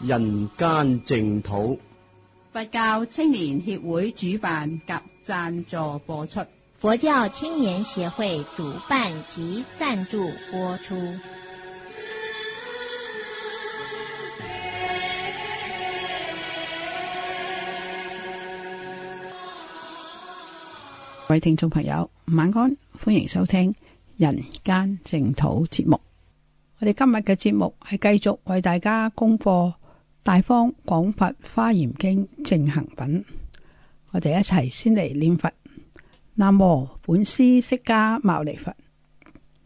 人間淨土，佛教青年協會主辦及贊助播出。佛教青年協會主辦及贊助播出。各位聽眾朋友，晚安，歡迎收聽《人間淨土》節目。我哋今日嘅節目係繼續為大家公布。大方廣佛華嚴經淨行品，我哋一齊先嚟念佛。南無本師釋迦牟尼佛。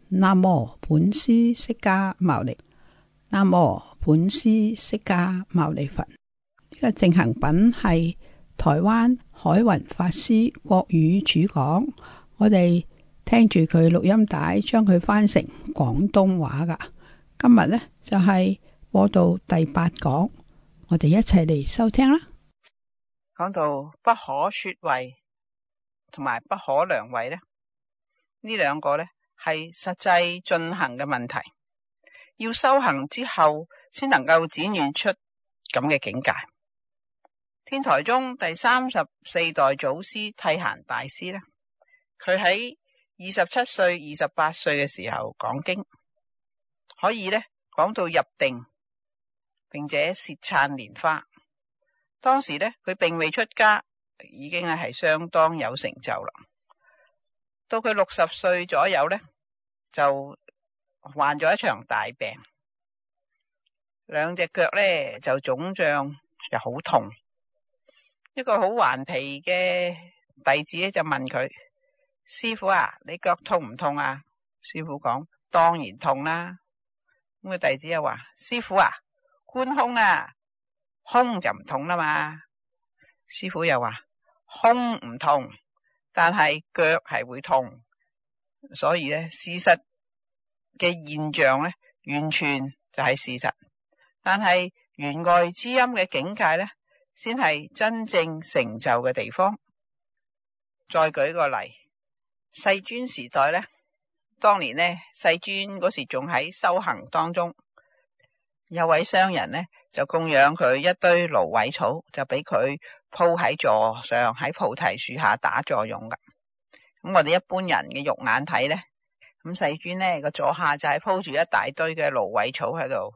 南無本師釋迦牟尼。南無本師釋迦牟尼佛。呢、這個淨行品係台灣海雲法師國語主講，我哋聽住佢錄音帶，將佢翻成廣東話噶。今日呢，就係、是、播到第八講。我哋一齊嚟收聽啦。講到不可說位同埋不可量位呢，呢兩個呢係實際進行嘅問題，要修行之後先能夠展現出咁嘅境界。天台宗第三十四代祖師諦閑大師呢，佢喺二十七歲、二十八歲嘅時候講經，可以呢講到入定。並且舌燦蓮花，當時咧佢並未出家，已經係相當有成就啦。到佢六十歲左右咧，就患咗一場大病，兩隻腳咧就腫脹又好痛。一個好頑皮嘅弟子咧就問佢：師傅啊，你腳痛唔痛啊？師傅講：當然痛啦。咁個弟子又話：師傅啊。觀空啊，空就唔痛啦嘛。師傅又話：空唔痛，但係腳係會痛。所以咧，事實嘅現象咧，完全就係事實。但係，弦外之音嘅境界咧，先係真正成就嘅地方。再舉個例，世尊時代咧，當年咧，世尊嗰時仲喺修行當中。有位商人呢，就供養佢一堆蘆葦草，就俾佢鋪喺座上，喺菩提樹下打坐用噶。咁我哋一般人嘅肉眼睇呢，咁世尊呢個座下就係鋪住一大堆嘅蘆葦草喺度。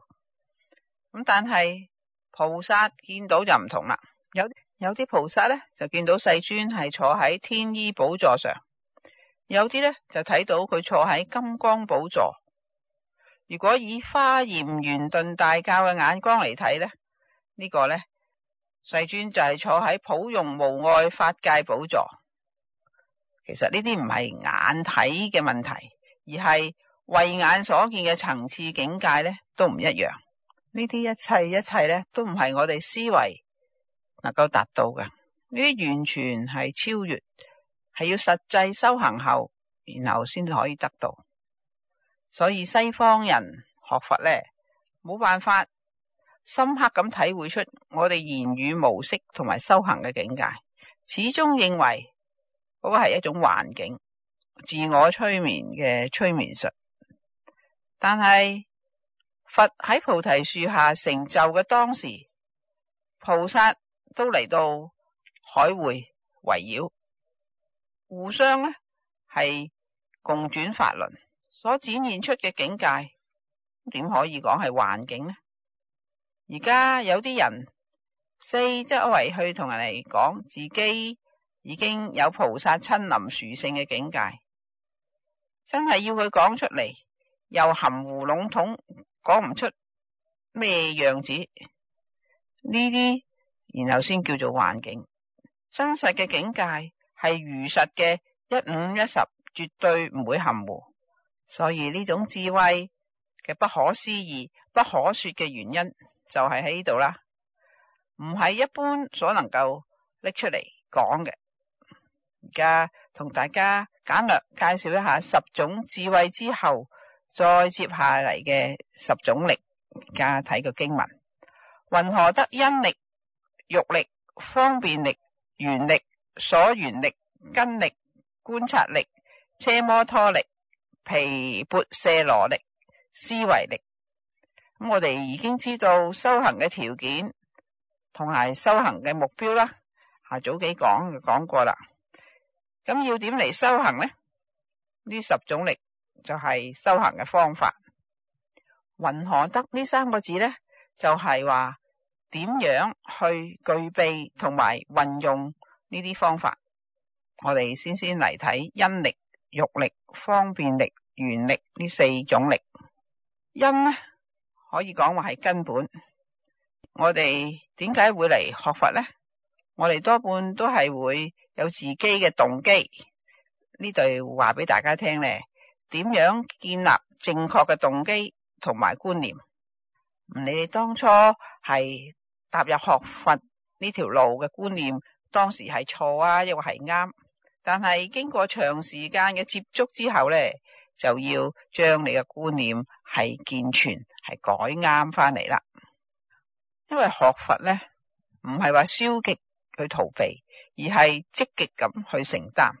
咁但係菩薩見到就唔同啦，有有啲菩薩呢就見到世尊係坐喺天衣寶座上，有啲呢就睇到佢坐喺金剛寶座。如果以華嚴圓頓大教嘅眼光嚟睇咧，這個、呢個咧世尊就係坐喺普融無礙法界寶座。其實呢啲唔係眼睇嘅問題，而係慧眼所見嘅層次境界咧都唔一樣。呢啲一切一切咧都唔係我哋思維能夠達到嘅，呢啲完全係超越，係要實際修行後，然後先可以得到。所以西方人學佛咧，冇辦法深刻咁體會出我哋言語模式同埋修行嘅境界，始終認為嗰個係一種環境自我催眠嘅催眠術。但係佛喺菩提樹下成就嘅當時，菩薩都嚟到海會圍繞，互相咧，係共轉法輪。所展現出嘅境界，點可以講係環境呢？而家有啲人四周圍去同人哋講自己已經有菩薩親臨殊勝嘅境界，真係要佢講出嚟，又含糊籠統，講唔出咩樣子呢啲，然後先叫做環境。真實嘅境界係如實嘅一五一十，絕對唔會含糊。所以呢種智慧嘅不可思議、不可說嘅原因，就係喺呢度啦，唔係一般所能夠拎出嚟講嘅。而家同大家簡略介紹一下十種智慧之後，再接下嚟嘅十種力。而家睇個經文：云何得因力、欲力、方便力、緣力、所緣力、根力、觀察力、車摩托力。皮勃舍羅力、思維力，咁我哋已經知道修行嘅條件同埋修行嘅目標啦。下早幾講就講過啦，咁要點嚟修行咧？呢十種力就係修行嘅方法。云何得呢三個字咧，就係話點樣去具備同埋運用呢啲方法，我哋先先嚟睇因力。欲力、方便力、願力呢四種力，因可以講話係根本。我哋點解會嚟學佛咧？我哋多半都係會有自己嘅動機。呢對話俾大家聽咧，點樣建立正確嘅動機同埋觀念？你哋當初係踏入學佛呢條路嘅觀念，當時係錯啊，抑或係啱。但係經過長時間嘅接觸之後咧，就要將你嘅觀念係健全，係改啱翻嚟啦。因為學佛咧，唔係話消極去逃避，而係積極咁去承擔。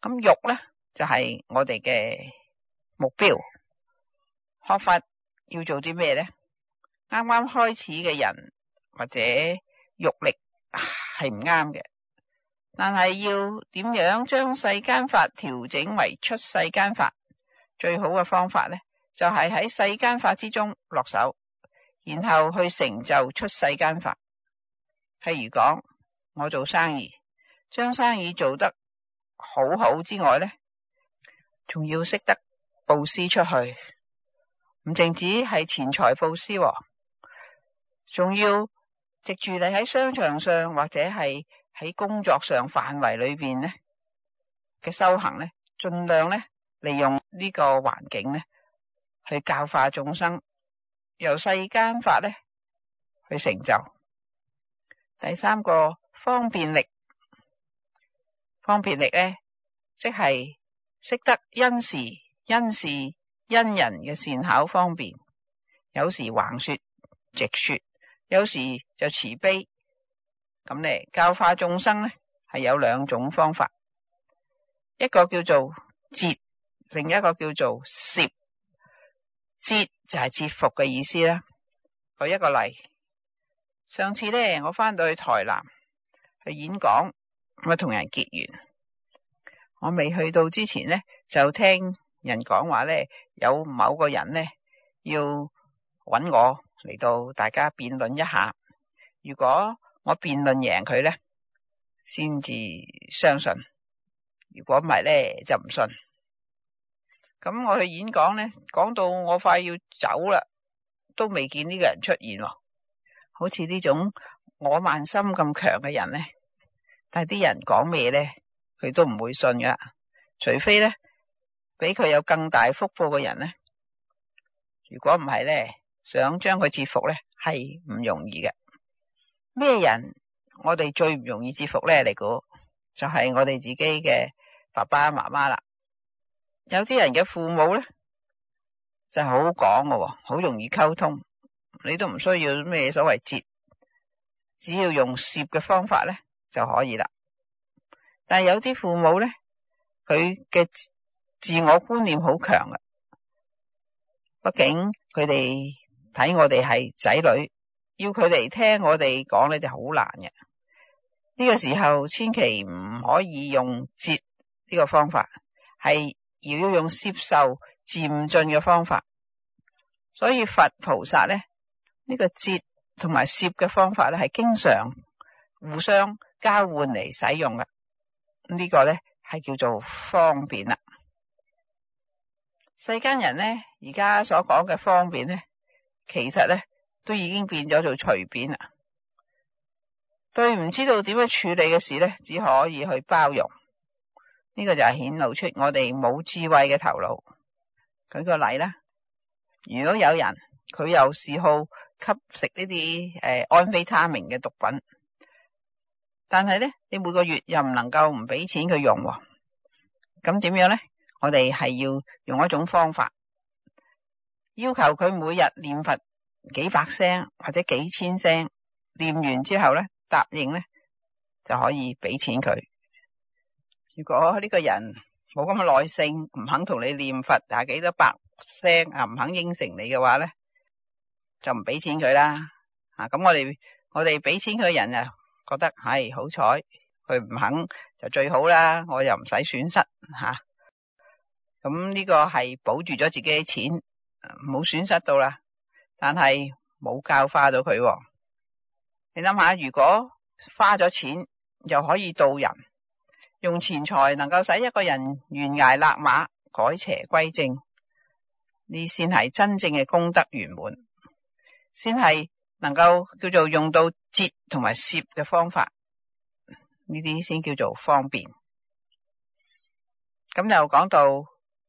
咁欲咧就係我哋嘅目標。學佛要做啲咩咧？啱啱開始嘅人或者欲力係唔啱嘅。但係要點樣將世間法調整為出世間法？最好嘅方法咧，就係喺世間法之中落手，然後去成就出世間法。譬如講，我做生意，將生意做得好好之外咧，仲要識得布施出去，唔淨止係錢財布施喎，仲要藉住你喺商場上，或者係。喺工作上範圍裏邊呢嘅修行呢，盡量呢利用呢個環境呢去教化眾生，由世間法呢去成就。第三個方便力，方便力呢，即係識得因時因事因人嘅善巧方便，有時橫說直說，有時就慈悲。咁咧，教化眾生咧係有兩種方法，一個叫做折，另一個叫做攝。折就係折服嘅意思啦。舉一個例，上次咧我翻到去台南去演講，我同人結緣。我未去到之前咧，就聽人講話咧，有某個人咧要搵我嚟到大家辯論一下，如果。我辯論贏佢咧，先至相信；如果唔係咧，就唔信。咁我去演講咧，講到我快要走啦，都未見呢個人出現喎。好似呢種我慢心咁強嘅人咧，但係啲人講咩咧，佢都唔會信㗎。除非咧，比佢有更大福報嘅人咧，如果唔係咧，想將佢折服咧，係唔容易嘅。咩人我哋最唔容易折服咧？你估就係我哋自己嘅爸爸媽媽啦。有啲人嘅父母咧就好講嘅，好容易溝通，你都唔需要咩所謂折，只要用攝嘅方法咧就可以啦。但係有啲父母咧，佢嘅自我觀念好強嘅，畢竟佢哋睇我哋係仔女。要佢哋聽我哋講咧就好難嘅，呢、呢個時候千祈唔可以用折呢個方法，係而要用攝受漸進嘅方法。所以佛菩薩咧呢、呢個折同埋攝嘅方法咧係經常互相交換嚟使用嘅，呢個、呢個咧係叫做方便啦。世間人咧而家所講嘅方便咧，其實咧。都已經變咗做隨便啦，對唔知道點樣處理嘅事呢，只可以去包容。呢個就係顯露出我哋冇智慧嘅頭腦。舉個例啦，如果有人佢又嗜好吸食呢啲誒安非他命嘅毒品，但係呢，你每個月又唔能夠唔俾錢佢用喎，咁點樣呢？我哋係要用一種方法，要求佢每日念佛。幾百聲或者幾千聲，念完之後咧，答應咧就可以俾錢佢。如果呢個人冇咁嘅耐性，唔肯同你念佛廿幾多百聲啊，唔肯應承你嘅話咧，就唔俾錢佢啦。啊，咁、嗯、我哋我哋俾錢佢嘅人啊，覺得唉、哎、好彩，佢唔肯就最好啦，我又唔使損失吓。咁、啊、呢、嗯呢個係保住咗自己嘅錢，冇損失到啦。但係冇教化到佢哦，你諗下，如果花咗錢又可以度人，用錢財能夠使一個人懸崖勒馬、改邪歸正，呢先係真正嘅功德圓滿，先係能夠叫做用到折同埋攝嘅方法，呢啲先叫做方便。咁又講到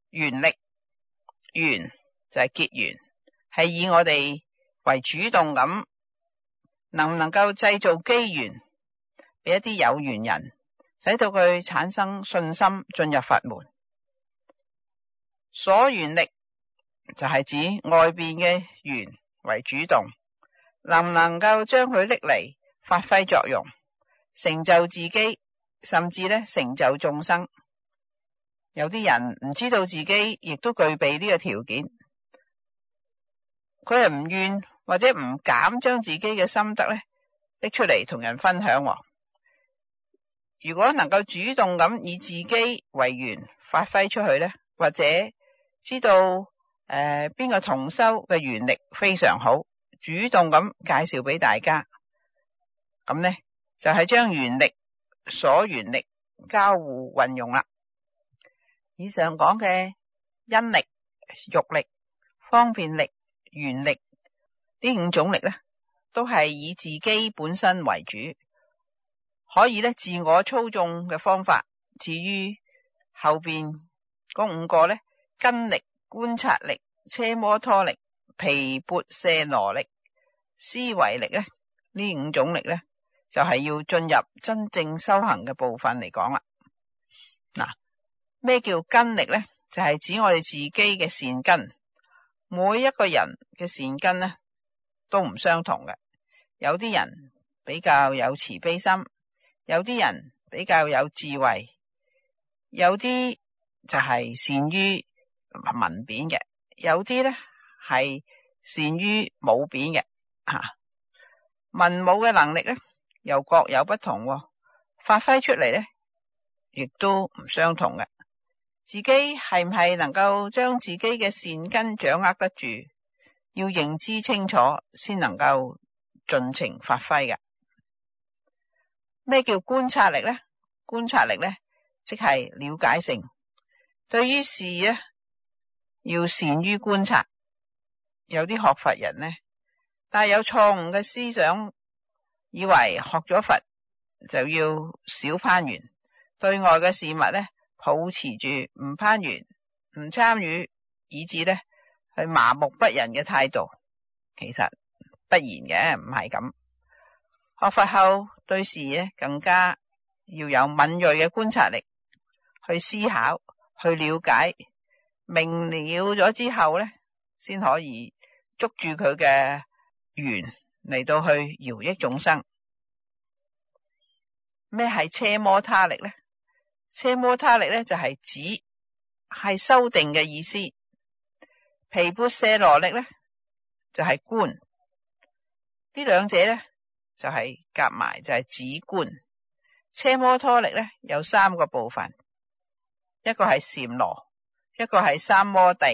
緣力，緣就係結緣。係以我哋為主動咁，能唔能夠製造機緣，俾一啲有緣人，使到佢產生信心，進入法門。所緣力就係指外邊嘅緣為主動，能唔能夠將佢拎嚟，發揮作用，成就自己，甚至咧成就眾生。有啲人唔知道自己亦都具備呢個條件。佢係唔願或者唔敢將自己嘅心得呢拎出嚟，同人分享哦。如果能夠主動咁以自己為源發揮出去呢，或者知道誒邊個同修嘅原力非常好，主動咁介紹俾大家，咁呢，就係將原力、所原力交互運用啦。以上講嘅因力、欲力、方便力。原力，呢五種力咧，都係以自己本身為主，可以咧自我操縱嘅方法。至於後邊嗰五個咧，根力、觀察力、奢摩他力、毗缽舍那力、思維力咧，呢五種力咧，就係要進入真正修行嘅部分嚟講啦。嗱，咩叫根力咧？就係指我哋自己嘅善根。每一個人嘅善根呢，都唔相同嘅。有啲人比較有慈悲心，有啲人比較有智慧，有啲就係善於文辯嘅，有啲咧係善於武辯嘅。吓、啊、文武嘅能力咧又各有不同，發揮出嚟，咧亦都唔相同嘅。自己係唔係能夠將自己嘅善根掌握得住？要認知清楚，先能夠盡情發揮嘅。咩叫觀察力呢？觀察力呢，即係了解性。對於事咧，要善於觀察。有啲學佛人呢，帶有錯誤嘅思想，以為學咗佛就要少攀緣，對外嘅事物呢。保持住唔攀緣、唔參與，以至呢係麻木不仁嘅態度，其實不然嘅，唔係咁。學佛後對事呢更加要有敏銳嘅觀察力，去思考、去了解，明了咗之後呢，先可以捉住佢嘅緣嚟到去饒益眾生。咩係奢摩他力呢？車摩他力咧就係指係修定嘅意思，皮缽舍羅力咧就係觀；呢兩者咧就係夾埋就係指觀。車摩他力咧有三個部分，一個係禪羅，一個係三摩地，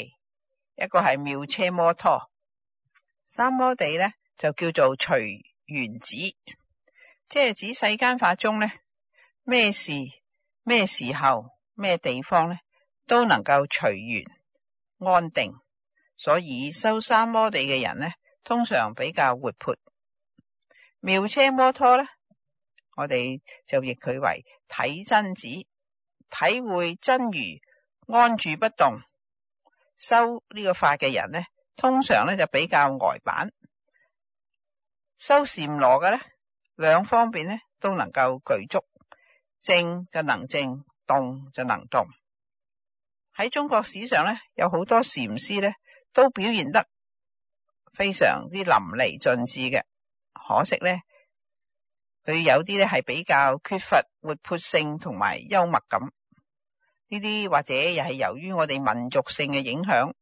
一個係妙車摩他。三摩地咧就叫做隨緣子，即係指世間法中咧咩事。咩時候咩地方咧都能夠隨緣安定，所以修三摩地嘅人咧通常比較活潑。妙車摩托咧，我哋就譯佢為體真子，體會真如安住不動，修呢個法嘅人咧通常咧就比較呆板。修禪羅嘅咧兩方面咧都能夠具足。靜就能靜，動就能動。喺中國史上咧，有好多禪師咧，都表現得非常之淋漓盡致嘅。可惜咧，佢有啲咧係比較缺乏活潑性同埋幽默感。呢啲或者又係由於我哋民族性嘅影響。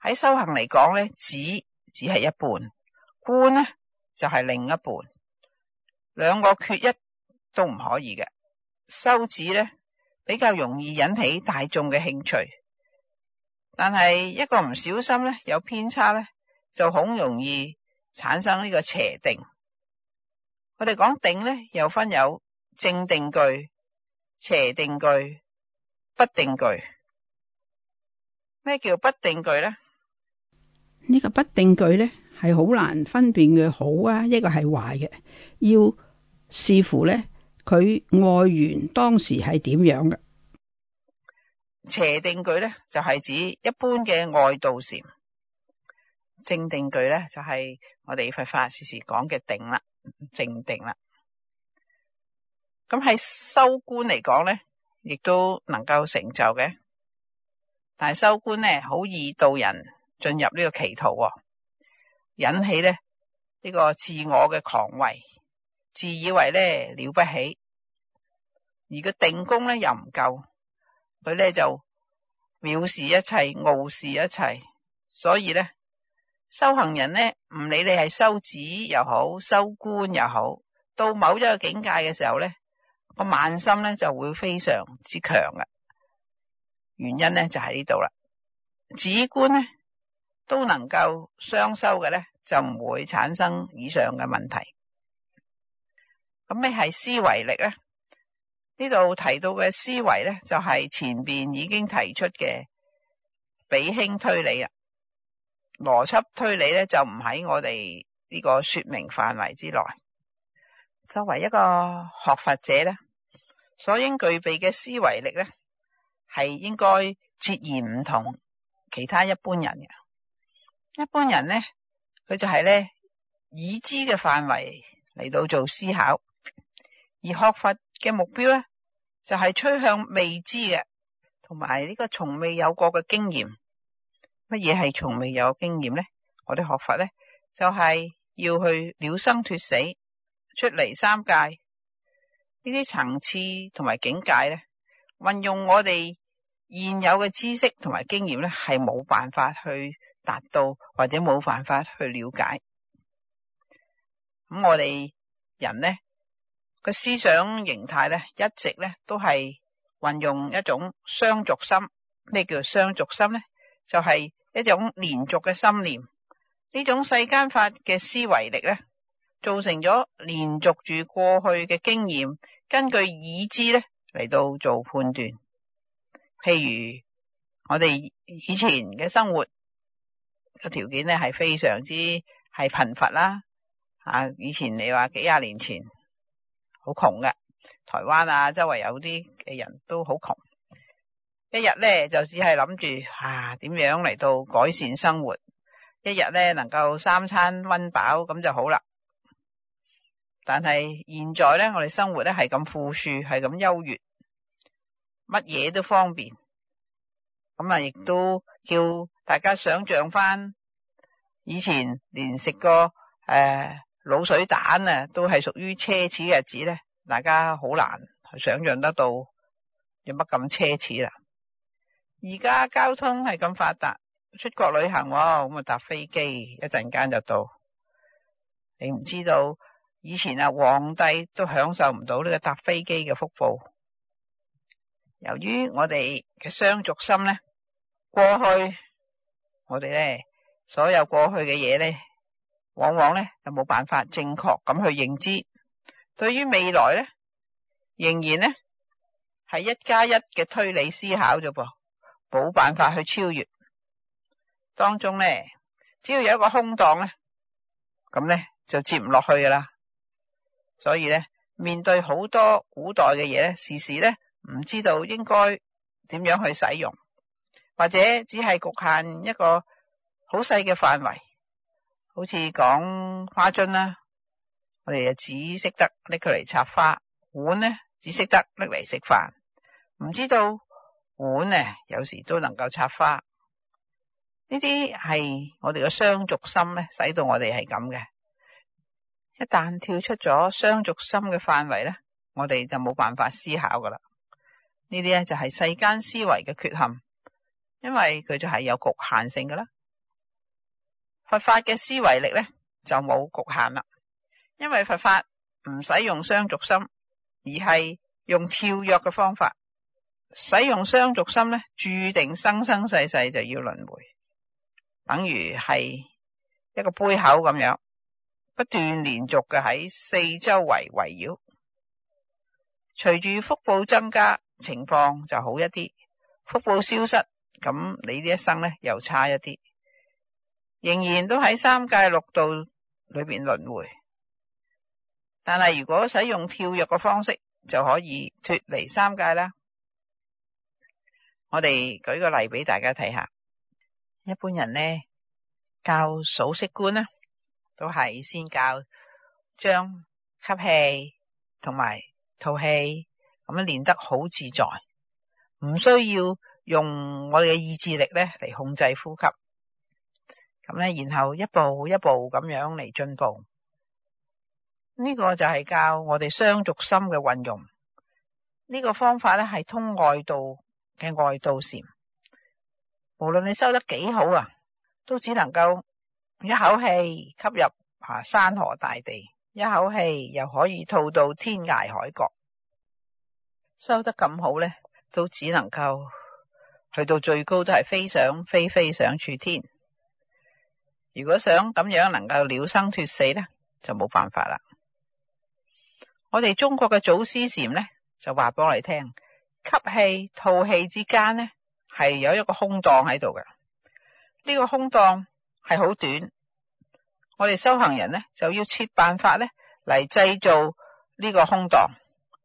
喺修行嚟講咧，止只係一半，觀呢，呢就係、是、另一半，兩個缺一。都唔可以嘅，收字咧比較容易引起大眾嘅興趣，但係一個唔小心咧有偏差咧就好容易產生呢個邪定。我哋講定咧又分有正定句、邪定句、不定句。咩叫不定句咧？呢個不定句咧係好難分辨嘅好啊，一個係壞嘅，要視乎咧。佢外緣當時係點樣嘅？邪定句咧就係、是、指一般嘅外道禪，正定句咧就係、是、我哋佛法事時，時講嘅定啦，正定啦。咁喺修觀嚟講咧，亦都能夠成就嘅。但係修觀咧，好易導人進入呢個歧途、哦，引起咧呢、呢個自我嘅狂慧，自以為咧了不起。而個定功咧又唔夠，佢咧就藐視一切，傲視一切，所以咧修行人咧唔理你係修止又好，修觀又好，到某一個境界嘅時候咧，個慢心咧就會非常之強嘅，原因咧就喺呢度啦。止觀咧都能夠雙修嘅咧，就唔會產生以上嘅問題。咁咩係思維力咧？呢度提到嘅思維呢，就係、是、前邊已經提出嘅比興推理啊，邏輯推理呢，就唔喺我哋呢個說明範圍之內。作為一個學佛者呢，所應具備嘅思維力呢，係應該截然唔同其他一般人嘅。一般人呢，佢就係呢已知嘅範圍嚟到做思考，而學佛嘅目標呢。就係趨向未知嘅，同埋呢個從未有過嘅經驗。乜嘢係從未有經驗咧？我哋學法咧，就係、是、要去了生脫死，出離三界。呢啲層次同埋境界咧，運用我哋現有嘅知識同埋經驗咧，係冇辦法去達到，或者冇辦法去了解。咁我哋人咧。個思想形態咧，一直咧都係運用一種相續心。咩叫相續心咧？就係一種連續嘅心念。呢種世間法嘅思維力咧，造成咗連續住過去嘅經驗，根據已知咧嚟到做判斷。譬如我哋以前嘅生活嘅條件咧，係非常之係貧乏啦。啊，以前你話幾廿年前。好窮嘅台灣啊，周圍有啲嘅人都好窮，一日咧就只係諗住啊，點樣嚟到改善生活？一日咧能夠三餐溫飽咁就好啦。但係現在咧，我哋生活咧係咁富庶，係咁優越，乜嘢都方便，咁啊亦都叫大家想象翻以前連食個誒。呃滷水蛋啊，都係屬於奢侈嘅日子咧，大家好難想象得到有乜咁奢侈啦。而家交通係咁發達，出國旅行咁，哦、啊、嗯，搭飛機一陣間就到。你唔知道以前啊，皇帝都享受唔到呢個搭飛機嘅福報。由於我哋嘅雙族心咧，過去我哋咧所有過去嘅嘢咧。往往咧就冇辦法正確咁去認知，對於未來咧仍然咧係一加一嘅推理思考啫噃，冇辦法去超越。當中咧只要有一個空檔咧，咁咧就接唔落去噶啦。所以咧面對好多古代嘅嘢咧，時時咧唔知道應該點樣去使用，或者只係局限一個好細嘅範圍。好似講花樽啦，我哋就只識得拎佢嚟插花；碗咧只識得拎嚟食飯，唔知道碗咧有時都能夠插花。呢啲係我哋嘅雙足心咧，使到我哋係咁嘅。一旦跳出咗雙足心嘅範圍咧，我哋就冇辦法思考噶啦。呢啲咧就係世間思維嘅缺陷，因為佢就係有局限性噶啦。佛法嘅思維力咧就冇局限啦，因為佛法唔使用，用相續心，而係用跳躍嘅方法。使用相續心咧，注定生生世世就要輪迴，等於係一個杯口咁樣，不斷連續嘅喺四周圍圍繞。隨住福報增加，情況就好一啲；福報消失，咁你呢一生咧又差一啲。仍然都喺三界六道裏邊輪回，但係如果使用跳躍嘅方式就可以脱離三界啦。我哋舉個例俾大家睇下，一般人咧教數息觀咧，都係先教將吸氣同埋吐氣咁樣練得好自在，唔需要用我哋嘅意志力咧嚟控制呼吸。然後一步一步咁樣嚟進步。呢個就係教我哋雙足心嘅運用。呢個方法咧係通外道嘅外道禪。無論你收得幾好啊，都只能夠一口氣吸入啊山河大地，一口氣又可以吐到天涯海角。收得咁好咧，都只能夠去到最高，都係飛上飛飛上處天。如果想咁樣能夠了生脫死咧，就冇辦法啦。我哋中國嘅祖師禪咧，就話俾我哋聽，吸氣、吐氣之間咧，係有一個空檔喺度嘅。呢個空檔係好短，我哋修行人咧就要設辦法咧嚟製造呢個空檔，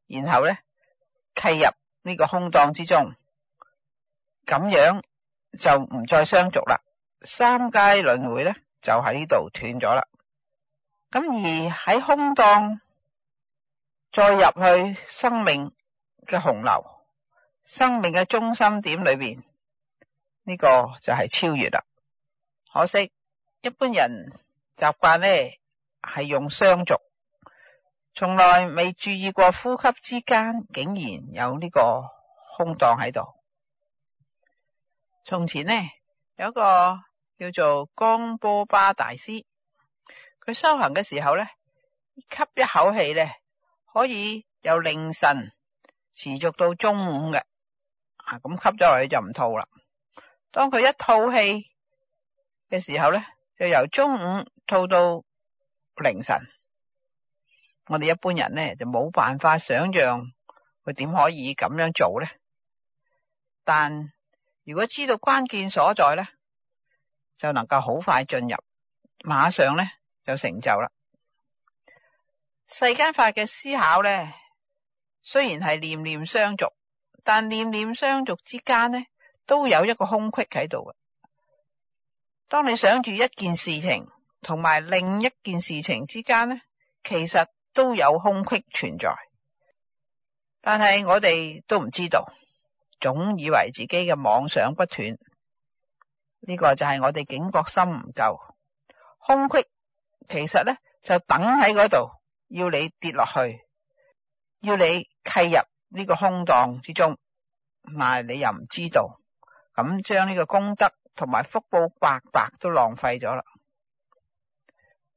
然後咧契入呢個空檔之中，咁樣就唔再相續啦。三界輪迴咧，就喺呢度斷咗啦。咁而喺空檔再入去生命嘅洪流、生命嘅中心點裏邊，呢個就係超越啦。可惜一般人習慣呢係用雙足，從來未注意過呼吸之間竟然有呢個空檔喺度。從前呢。有一個叫做江波巴大師，佢修行嘅時候咧，吸一口氣咧可以由凌晨持續到中午嘅，啊咁吸咗落去就唔吐啦。當佢一吐氣嘅時候咧，就由中午吐到凌晨。我哋一般人咧就冇辦法想象佢點可以咁樣做咧，但。如果知道關鍵所在咧，就能夠好快進入，馬上咧就成就啦。世間法嘅思考咧，雖然係念念相續，但念念相續之間咧，都有一個空隙喺度嘅。當你想住一件事情同埋另一件事情之間咧，其實都有空隙存在，但係我哋都唔知道。總以為自己嘅妄想不斷，呢個就係我哋警覺心唔夠空隙，其實咧就等喺嗰度，要你跌落去，要你契入呢個空檔之中，但係你又唔知道，咁將呢個功德同埋福報白白都浪費咗啦。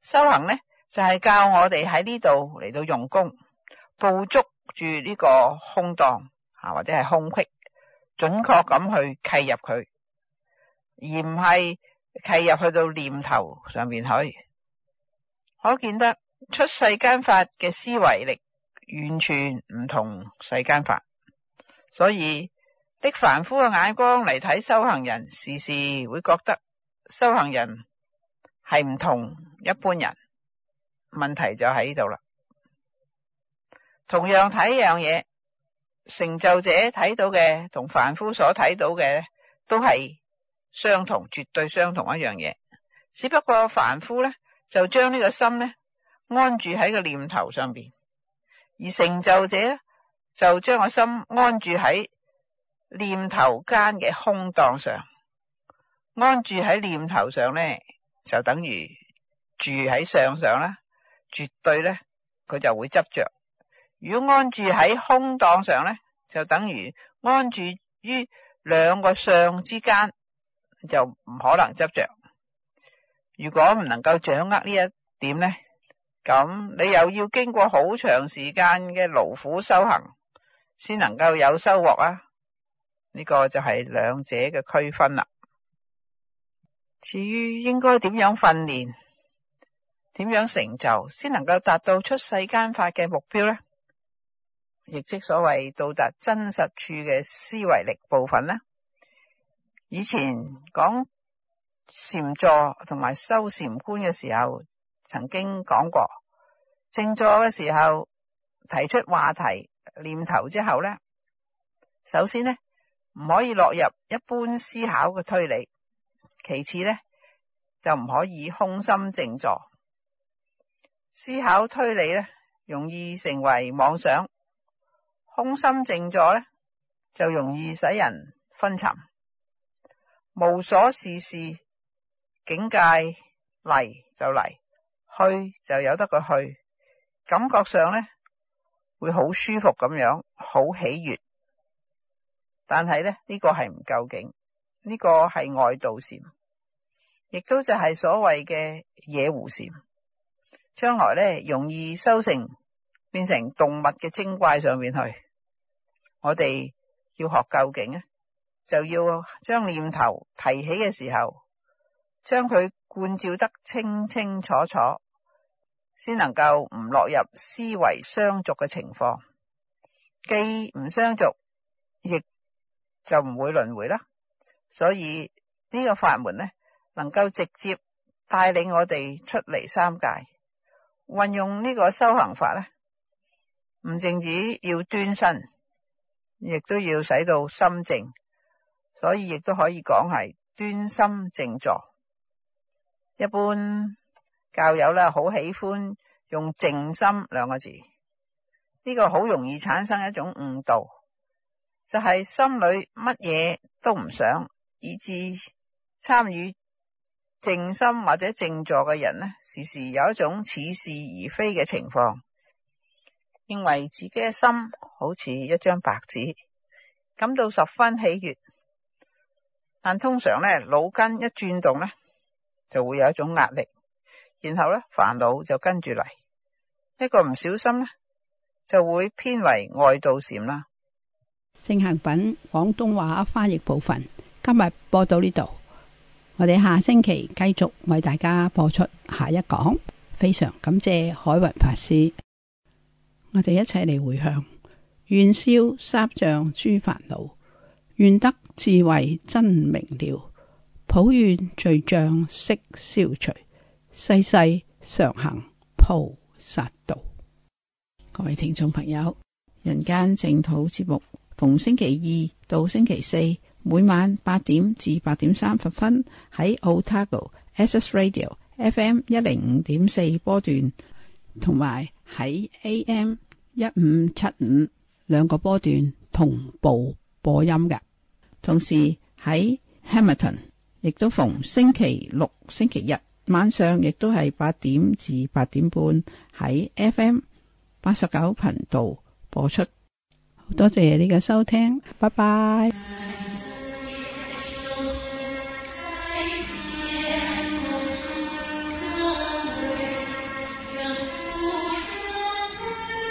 修行咧就係教我哋喺呢度嚟到用功，捕捉住呢個空檔啊，或者係空隙。準確咁去契入佢，而唔係契入去到念頭上面去，可見得出世間法嘅思維力完全唔同世間法，所以的凡夫嘅眼光嚟睇修行人，時時會覺得修行人係唔同一般人，問題就喺呢度啦。同樣睇一樣嘢。成就者睇到嘅同凡夫所睇到嘅都係相同，絕對相同一樣嘢。只不過凡夫咧就將呢個心咧安住喺個念頭上邊，而成就者就將個心安住喺念頭間嘅空檔上。安住喺念頭上咧，就等於住喺上上啦，絕對咧佢就會執着。如果安住喺空檔上咧，就等於安住於兩個相之間，就唔可能執着。如果唔能夠掌握呢一點咧，咁你又要經過好長時間嘅勞苦修行，先能夠有收穫啊！呢個就係兩者嘅區分啦。至於應該點樣訓練、點樣成就，先能夠達到出世間法嘅目標咧？亦即所謂到達真實處嘅思維力部分咧。以前講禪坐同埋修禪觀嘅時候，曾經講過靜坐嘅時候提出話題念頭之後呢，首先呢唔可以落入一般思考嘅推理，其次呢就唔可以空心靜坐。思考推理呢容易成為妄想。空心靜坐咧，就容易使人昏沉、無所事事，境界嚟就嚟，去就有得個去，感覺上咧會好舒服咁樣，好喜悅。但係咧呢個係唔究竟，呢個係外道禪，亦都就係所謂嘅野狐禪，將來咧容易修成，變成動物嘅精怪上面去。我哋要學究竟呢，就要將念頭提起嘅時候，將佢觀照得清清楚楚，先能夠唔落入思維相續嘅情況。既唔相續，亦就唔會輪迴啦。所以呢個法門呢，能夠直接帶領我哋出嚟三界，運用呢個修行法呢，唔淨止要端身。亦都要使到心靜，所以亦都可以講係端心靜坐。一般教友咧，好喜歡用靜心兩個字，呢、這個好容易產生一種誤導，就係、是、心裏乜嘢都唔想，以致參與靜心或者靜坐嘅人呢，時時有一種似是而非嘅情況。認為自己嘅心好似一張白紙，感到十分喜悅。但通常呢，腦筋一轉動呢，就會有一種壓力，然後呢，煩惱就跟住嚟。一個唔小心呢，就會偏為外道禪啦。正行品廣東話翻譯部分，今日播到呢度，我哋下星期繼續為大家播出下一講。非常感謝海雲法師。我哋一齊嚟回向，願消三障諸煩惱，願得智慧真明了，普願罪障悉消除，世世常行菩薩道。各位聽眾朋友，人間淨土節目逢星期二到星期四每晚八點至八點三十分喺 Otago 奧塔哥 Access Radio F M 一零五點四波段。同埋喺 AM 一五七五兩個波段同步播音嘅，同時喺 Hamilton 亦都逢星期六、星期日晚上，亦都係八點至八點半喺 FM 八十九頻道播出。多謝你嘅收聽，拜拜。